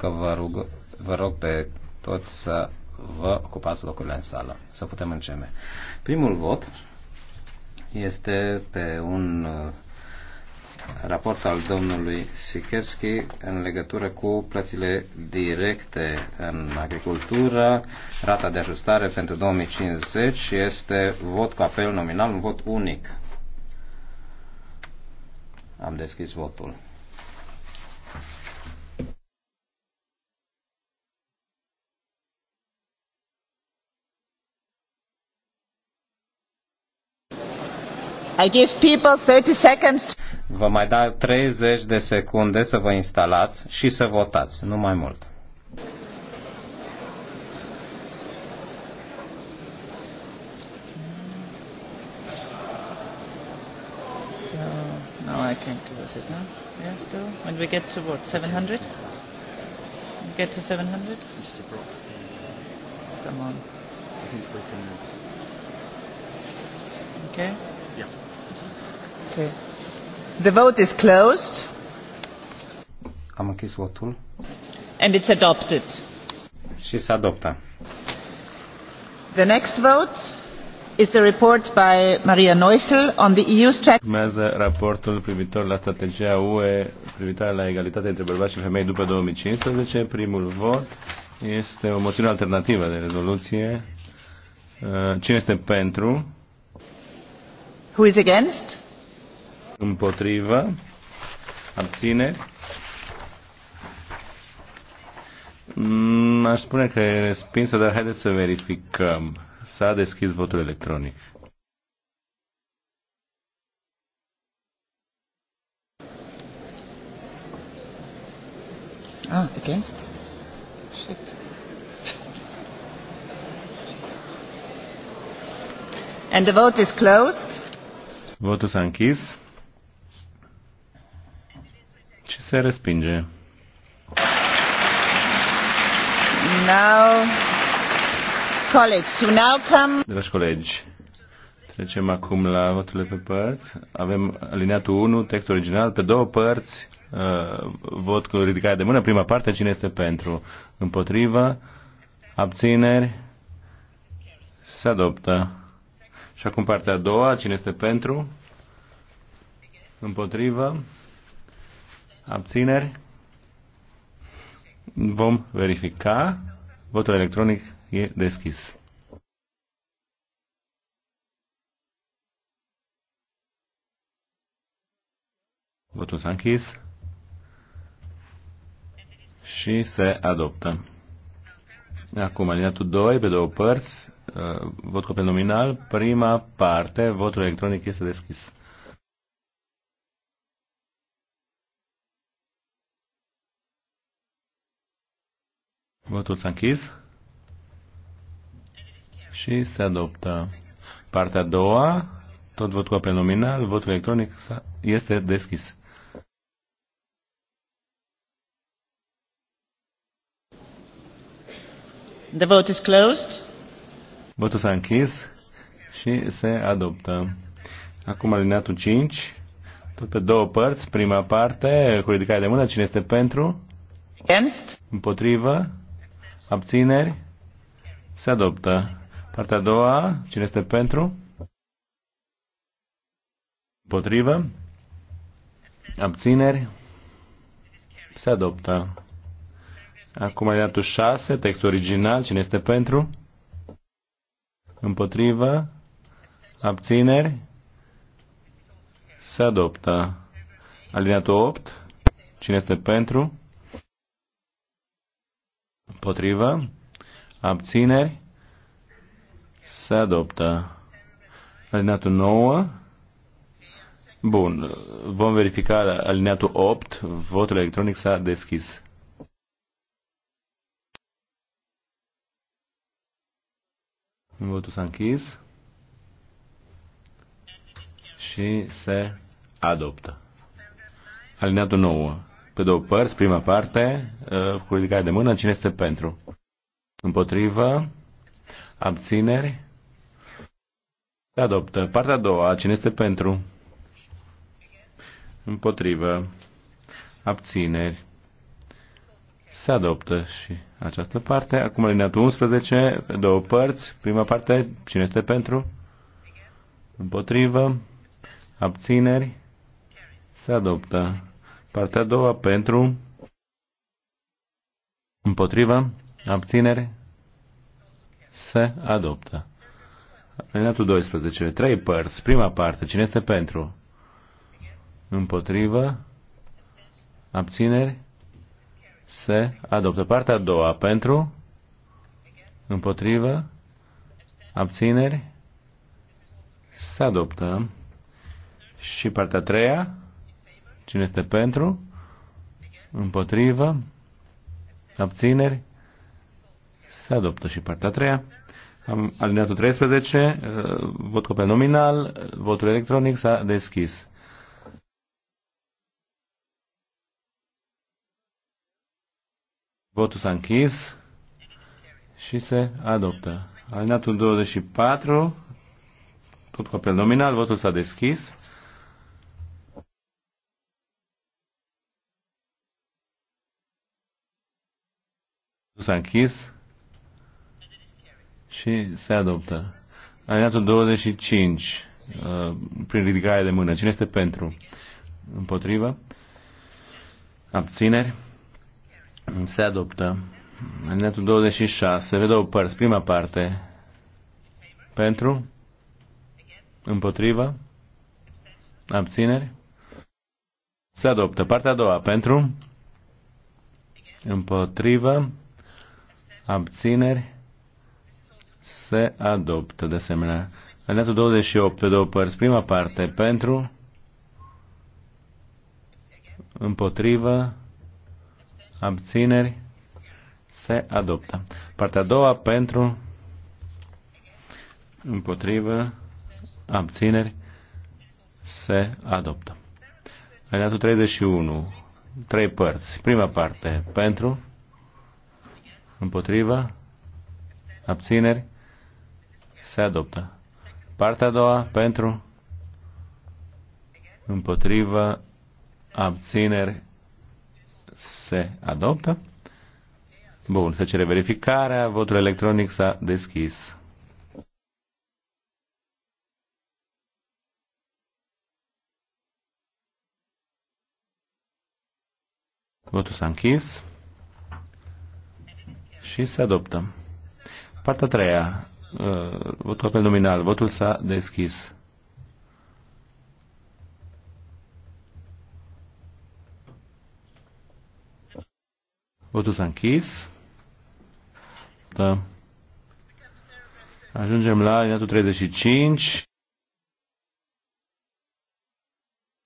că vă, rug, vă rog pe toți să vă ocupați locurile în sală, să putem începe. Primul vot este pe un uh, raport al domnului Sikerski în legătură cu plățile directe în agricultură, rata de ajustare pentru 2050 este vot cu apel nominal, un vot unic. Am deschis votul. I give people 30 seconds. Vă mai dau 30 de secunde să vă instalați și să votați, nu mai mult. So, now I can close it now. Yes, yeah, still. When we get to what, 700? We get to 700? Mr. Brooks. Come on. I think we can. Okay. Okay. The vote is closed. Am închis votul. And it's adopted. Și se adoptă. The next vote is a report by Maria Neuchel on the EU strategy. Urmează raportul privitor la strategia UE privitoare la egalitate între bărbați și femei după 2015. Primul vot este o moțiune alternativă de rezoluție. Uh, cine este pentru? Who is against? Împotrivă. Abține. M mm, Aș spune că e respinsă, dar haideți să verificăm. S-a deschis votul electronic. Ah, against? Shit. And the vote is closed. Votul s-a închis. Se respinge. Now, colleagues, who now come... Dragi colegi, trecem acum la voturile pe părți. Avem alineatul 1, textul original, pe două părți. Uh, vot cu ridicare de mână. Prima parte, cine este pentru? Împotrivă? Abțineri? Se adoptă. Și acum partea a doua, cine este pentru? Împotrivă? Abțineri? Vom verifica. Votul electronic e deschis. Votul s-a închis și se adoptă. Acum, alineatul 2, pe două părți, uh, vot copil nominal, prima parte, votul electronic este deschis. Votul s-a închis și se adoptă. Partea a doua, tot vot cu apel nominal, votul electronic este deschis. The vote is closed. Votul s-a închis și se adoptă. Acum alineatul 5, tot pe două părți. Prima parte, cu ridicare de mână, cine este pentru? Against. Împotrivă. Abțineri? Se adoptă. Partea a doua, cine este pentru? Împotrivă? Abțineri? Se adoptă. Acum aliatul 6, text original, cine este pentru? Împotrivă? Abțineri? Se adoptă. Alineatul 8, cine este pentru? Împotrivă? Abțineri? Se adoptă. Alineatul 9. Bun. Vom verifica alineatul 8. Votul electronic s-a deschis. Votul s-a închis și se adoptă. Alineatul 9 pe două părți, prima parte, cu uh, ridicare de mână, cine este pentru? Împotrivă? Abțineri? Se adoptă. Partea a doua, cine este pentru? Împotrivă? Abțineri? Se adoptă și această parte. Acum alineatul 11, două părți. Prima parte, cine este pentru? Împotrivă? Abțineri? Se adoptă. Partea a doua pentru, împotriva, abținere, se adoptă. Alineatul 12. Trei părți. Prima parte. Cine este pentru? Împotrivă. Abțineri. Se adoptă. Partea a doua. Pentru. Împotrivă. Abțineri. Se adoptă. Și partea a treia. Cine este pentru? Împotrivă? Abțineri? Se adoptă și partea a treia. Am alineatul 13, uh, vot cu nominal, votul electronic s-a deschis. Votul s-a închis și se adoptă. Alineatul 24, tot cu apel nominal, votul s-a deschis. S-a închis și se adoptă. Aliatul 25, uh, prin ridicare de mână. Cine este pentru? Împotrivă? Abțineri? Se adoptă. Aliatul 26, se vede o părți. Prima parte. Pentru? Împotrivă? Abțineri? Se adoptă. Partea a doua. Pentru? Împotrivă? abțineri, se adoptă de asemenea. Alineatul 28, două părți, prima parte, pentru, împotrivă, abțineri, se adoptă. Partea a doua, pentru, împotrivă, abțineri, se adoptă. Alineatul 31, trei părți. Prima parte, pentru, Împotriva? Abțineri? Se adoptă. Partea a doua, pentru? Împotriva? Abțineri? Se adoptă. Bun, se cere verificarea. Votul electronic s-a deschis. Votul s-a închis și se adoptă. Partea a treia, uh, votul apel nominal, votul s-a deschis. Votul s-a închis. Da. Ajungem la alineatul 35.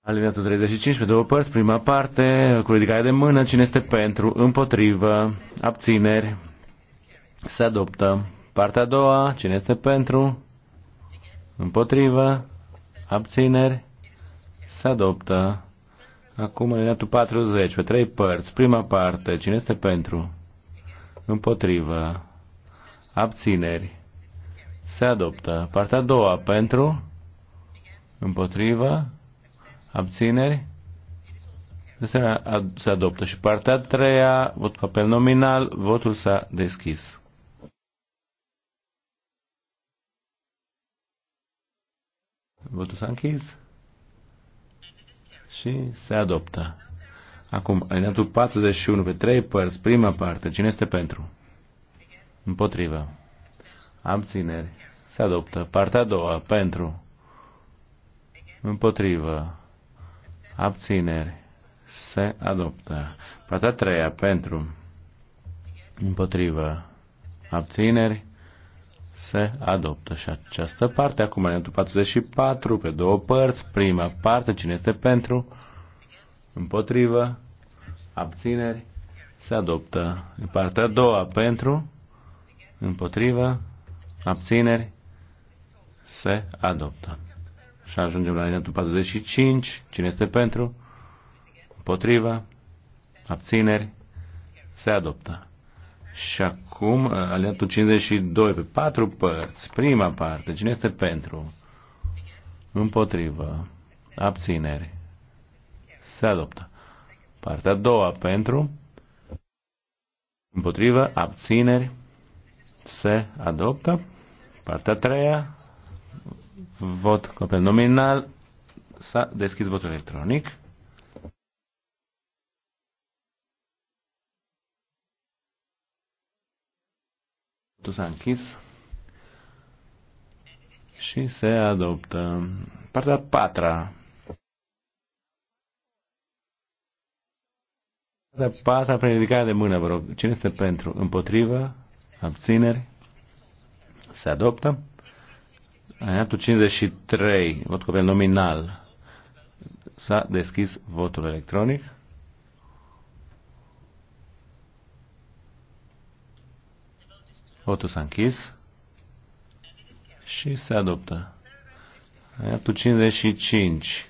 Alineatul 35, pe două părți, prima parte, cu ridicare de mână, cine este pentru, împotrivă, abțineri, se adoptă. Partea a doua, cine este pentru? Împotrivă? Abțineri? Se adoptă. Acum alineatul 40, pe trei părți. Prima parte, cine este pentru? Împotrivă. Abțineri. Se adoptă. Partea a doua, pentru? Împotrivă. Abțineri. Se adoptă. Și partea a treia, vot cu apel nominal, votul s-a deschis. Votul s-a închis și se adoptă. Acum, alineatul 41 pe 3 părți, prima parte. Cine este pentru? Împotrivă. Abțineri. Se adoptă. Partea a doua, pentru. Împotrivă. Abțineri. Se adoptă. Partea a treia, pentru. Împotrivă. Abțineri se adoptă și această parte. Acum alineatul 44 pe două părți. Prima parte, cine este pentru? Împotrivă? Abțineri? Se adoptă. În partea a doua, pentru? Împotrivă? Abțineri? Se adoptă. Și ajungem la linia 45. Cine este pentru? Împotrivă? Abțineri? Se adoptă. Și acum, uh, aliatul 52, pe patru părți. Prima parte, cine este pentru? Împotrivă. Abțineri. Se adoptă. Partea a doua, pentru? Împotrivă. Abțineri. Se adoptă. Partea a treia, vot copil nominal. S-a deschis votul electronic. Tu s-a închis și se adoptă. Partea patra. Partea patra prin de mână, vă rog. Cine este pentru? Împotrivă? Abțineri? Se adoptă. Aliniatul 53, vot copil nominal. S-a deschis votul electronic. Votul s-a închis și se adoptă. Aiatul 55.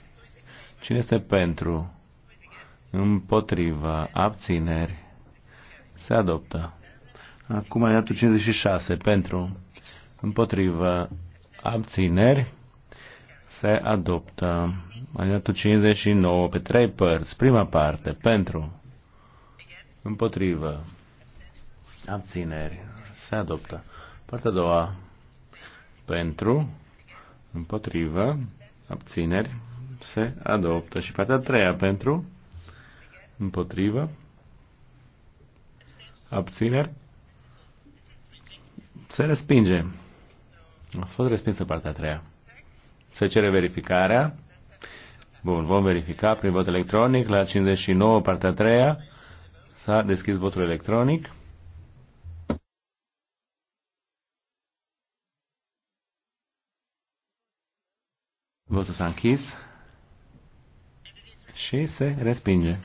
Cine este pentru? Împotriva. Abțineri. Se adoptă. Acum aiatul 56. Pentru. Împotriva. Abțineri. Se adoptă. Aliatul 59 pe trei părți. Prima parte. Pentru. Împotriva? Abțineri se adoptă. Partea a doua, pentru, împotrivă, abțineri, se adoptă. Și partea a treia, pentru, împotrivă, abțineri, se respinge. A fost respinsă partea a treia. Se cere verificarea. Bun, vom verifica prin vot electronic la 59, partea a treia. S-a deschis votul electronic. Votul s-a închis și se respinge.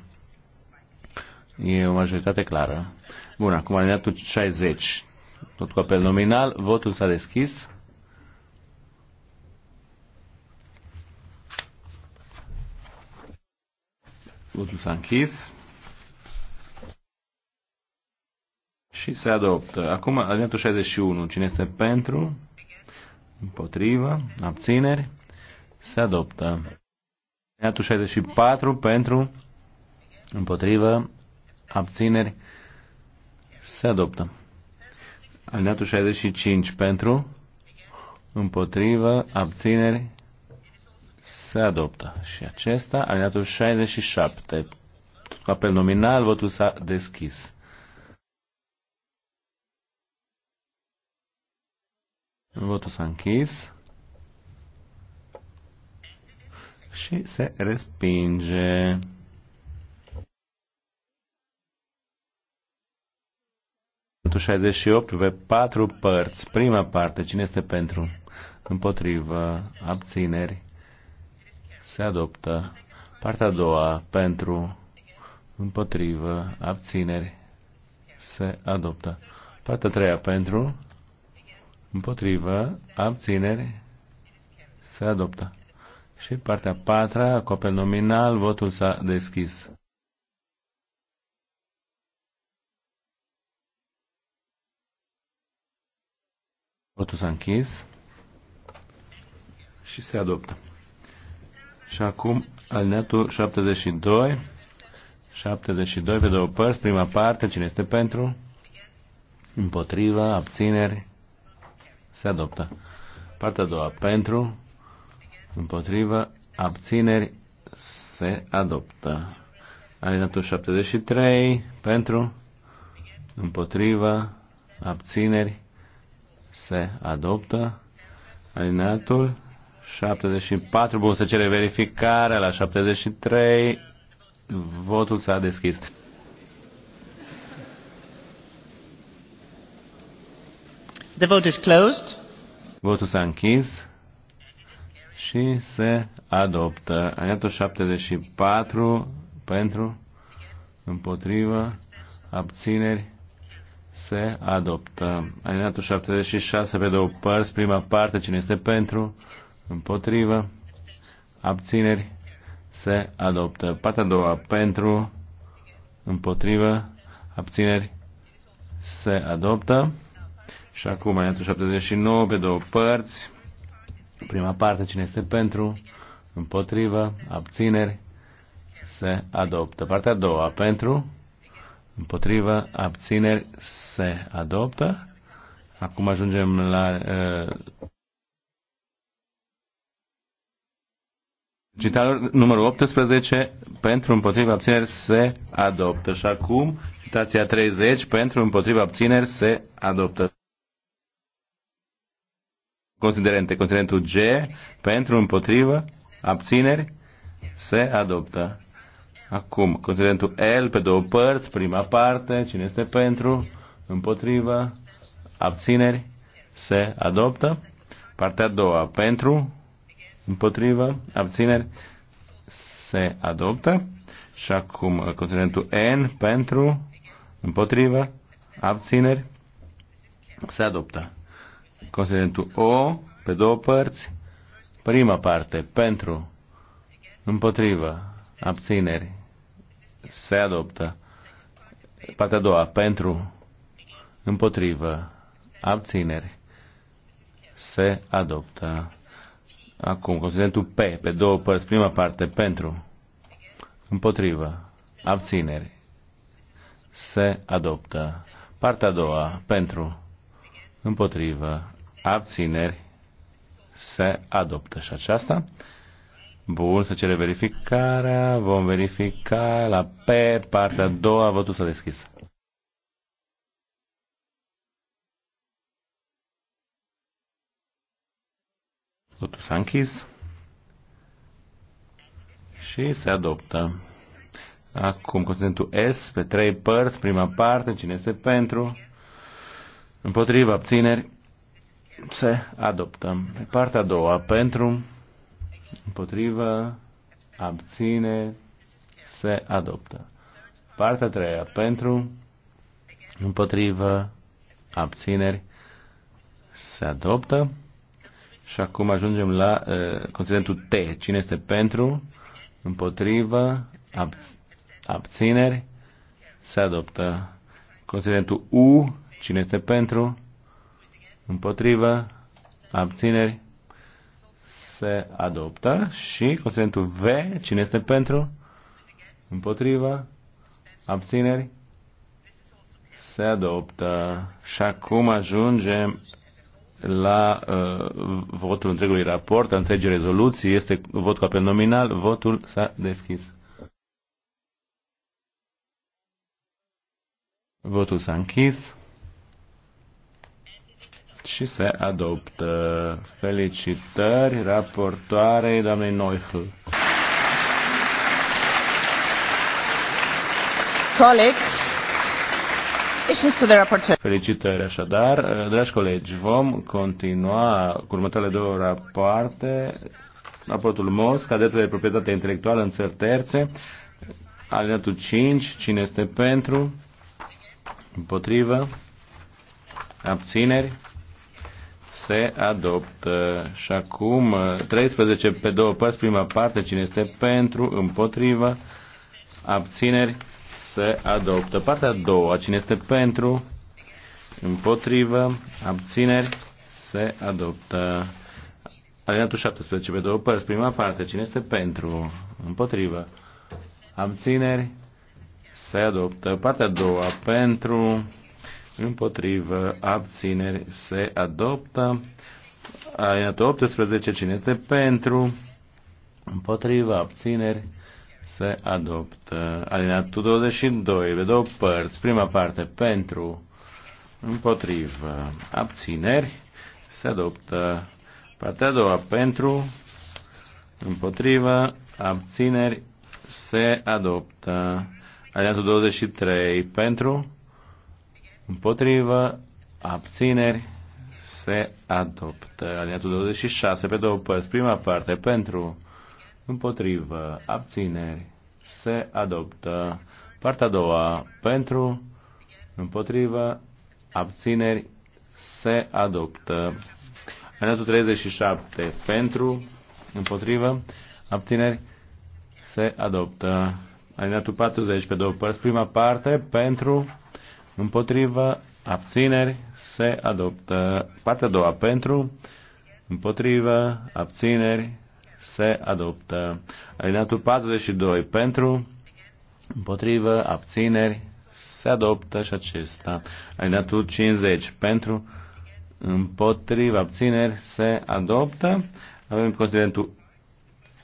E o majoritate clară. Bun, acum alineatul 60. Tot cu apel nominal, votul s-a deschis. Votul s-a închis. Și se adoptă. Acum, alineatul 61. Cine este pentru? Împotrivă? Abțineri? se adoptă. Iatul 64 pentru, împotrivă, abțineri, se adoptă. Alineatul 65 pentru, împotrivă, abțineri, se adoptă. Și acesta, alineatul 67, cu apel nominal, votul s-a deschis. Votul s-a închis. și se respinge. Punctul 68 pe patru părți. Prima parte, cine este pentru? Împotrivă, abțineri, se adoptă. Partea a doua, pentru, împotrivă, abțineri, se adoptă. Partea a treia, pentru, împotrivă, abțineri, se adoptă. Și partea patra, cu nominal, votul s-a deschis. Votul s-a închis și se adoptă. Și acum alineatul 72, 72 pe două părți, prima parte, cine este pentru? Împotriva, abțineri, se adoptă. Partea a doua, pentru, împotriva, abțineri, se adoptă. Alinatul 73, pentru, împotriva, abțineri, se adoptă. Alinatul 74, bun, se cere verificarea la 73, votul s-a deschis. The vote is closed. Votul s-a închis și se adoptă. Aiatul 74 pentru, împotrivă, abțineri, se adoptă. Aiatul 76 pe două părți, prima parte, cine este pentru, împotrivă, abțineri, se adoptă. Partea a doua, pentru, împotrivă, abțineri, se adoptă. Și acum, aliniatul 79 pe două părți, Prima parte, cine este pentru, împotrivă, abțineri, se adoptă. Partea a doua, pentru, împotrivă, abțineri, se adoptă. Acum ajungem la uh, citalul numărul 18, pentru împotriva abțineri se adoptă. Și acum, citația 30, pentru împotriva abțineri se adoptă. Considerente, considerentul G, pentru, împotrivă, abțineri, se adoptă. Acum, considerentul L pe două părți, prima parte, cine este pentru, împotrivă, abțineri, se adoptă. Partea a doua, pentru, împotrivă, abțineri, se adoptă. Și acum, considerentul N, pentru, împotrivă, abțineri, se adoptă. Considerentul O, pe două părți. Prima parte, pentru, împotrivă, abțineri, se adoptă. Partea a doua, pentru, împotrivă, abțineri, se adoptă. Acum, considerentul P, pe două părți, prima parte, pentru, împotrivă, abțineri, se adoptă. Partea a doua, pentru, împotrivă, abțineri, se adoptă. Și aceasta, bun, să cere verificarea, vom verifica la P, partea a doua, votul s-a deschis. Votul s-a închis și se adoptă. Acum, conținutul S pe trei părți, prima parte, cine este pentru, Împotriva abțineri se adoptă. Partea a doua pentru împotriva abține se adoptă. Partea a treia pentru împotriva abțineri se adoptă. Și acum ajungem la uh, considerentul T. Cine este pentru, împotriva abțineri, se adoptă. Considerentul U Cine este pentru? Împotrivă? Abțineri? Se adoptă. Și conținutul V. Cine este pentru? Împotrivă? Abțineri? Se adoptă. Și acum ajungem la uh, votul întregului raport, întregi întregii rezoluții. Este vot cu apel nominal. Votul s-a deschis. Votul s-a închis și se adoptă. Felicitări raportoarei doamnei Neuchl. Colleagues, Felicitări așadar. Dragi colegi, vom continua cu următoarele două rapoarte. Raportul Mosca, dreptul de proprietate intelectuală în țări terțe, Alinatul 5, cine este pentru, împotrivă, abțineri se adoptă. Și acum 13 pe două părți, prima parte, cine este pentru, împotrivă, abțineri, se adoptă. Partea a doua, cine este pentru, împotrivă, abțineri, se adoptă. Alinatul 17 pe două părți, prima parte, cine este pentru, împotrivă, abțineri, se adoptă. Partea a doua, pentru, împotrivă, abțineri, se adoptă. Aiatul 18, cine este pentru, împotrivă, abțineri, se adoptă. Alineatul 22, pe două părți. Prima parte, pentru, împotrivă, abțineri, se adoptă. Partea a doua, pentru, împotrivă, abțineri, se adoptă. Alineatul 23, pentru, împotrivă, abțineri, se adoptă. Aliatul 26 pe două părți. Prima parte pentru, împotrivă, abțineri, se adoptă. Partea a doua pentru, împotrivă, abțineri, se adoptă. Aliatul 37 pentru, împotrivă, abțineri, se adoptă. Alineatul 40 pe două părți. Prima parte pentru, împotriva, abțineri, se adoptă. Partea a doua pentru, împotriva, abțineri, se adoptă. Alineatul 42 pentru, împotrivă, abțineri, se adoptă și acesta. Alineatul 50 pentru, împotrivă, abțineri, se adoptă. Avem considerentul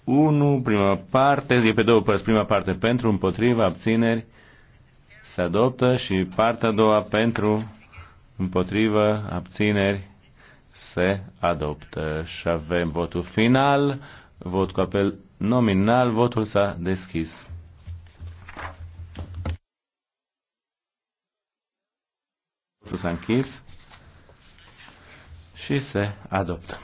1, prima parte, e pe două părți, prima parte pentru, împotrivă, abțineri, se adoptă și partea a doua pentru, împotrivă, abțineri, se adoptă. Și avem votul final, vot cu apel nominal, votul s-a deschis. Votul s-a închis și se adoptă.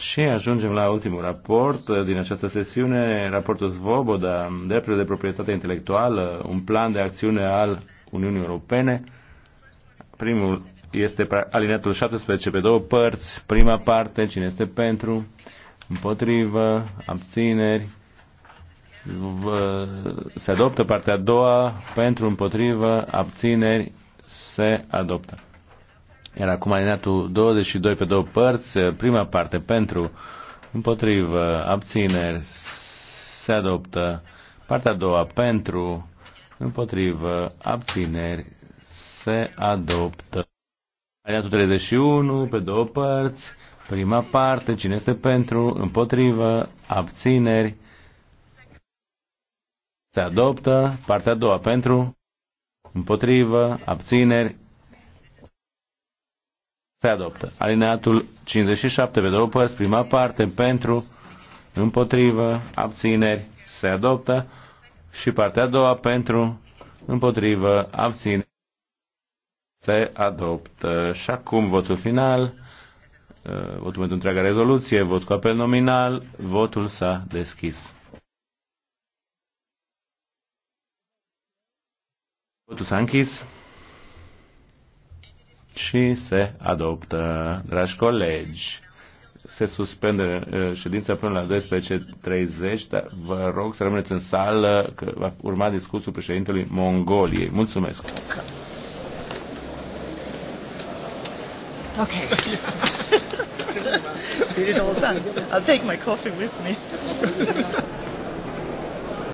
Și ajungem la ultimul raport din această sesiune, raportul Svoboda, drepturile de proprietate intelectuală, un plan de acțiune al Uniunii Europene. Primul este alineatul 17 pe două părți. Prima parte, cine este pentru, împotrivă, abțineri. Se adoptă partea a doua, pentru, împotrivă, abțineri, se adoptă. Iar acum alineatul 22 pe două părți, prima parte pentru, împotrivă, abțineri, se adoptă. Partea a doua pentru, împotrivă, abțineri, se adoptă. Alineatul 31 pe două părți, prima parte, cine este pentru, împotrivă, abțineri, se adoptă. Partea a doua pentru, împotrivă, abțineri, se adoptă. Alineatul 57 pe două părți, prima parte, pentru, împotrivă, abțineri, se adoptă. Și partea a doua, pentru, împotrivă, abțineri, se adoptă. Și acum votul final, uh, votul pentru întreaga rezoluție, vot cu apel nominal, votul s-a deschis. Votul s-a închis și se adoptă. Dragi colegi, se suspende uh, ședința până la 12.30, dar vă rog să rămâneți în sală, că va urma discursul președintelui Mongoliei. Mulțumesc! Okay. Get it all done. I'll take my coffee with me.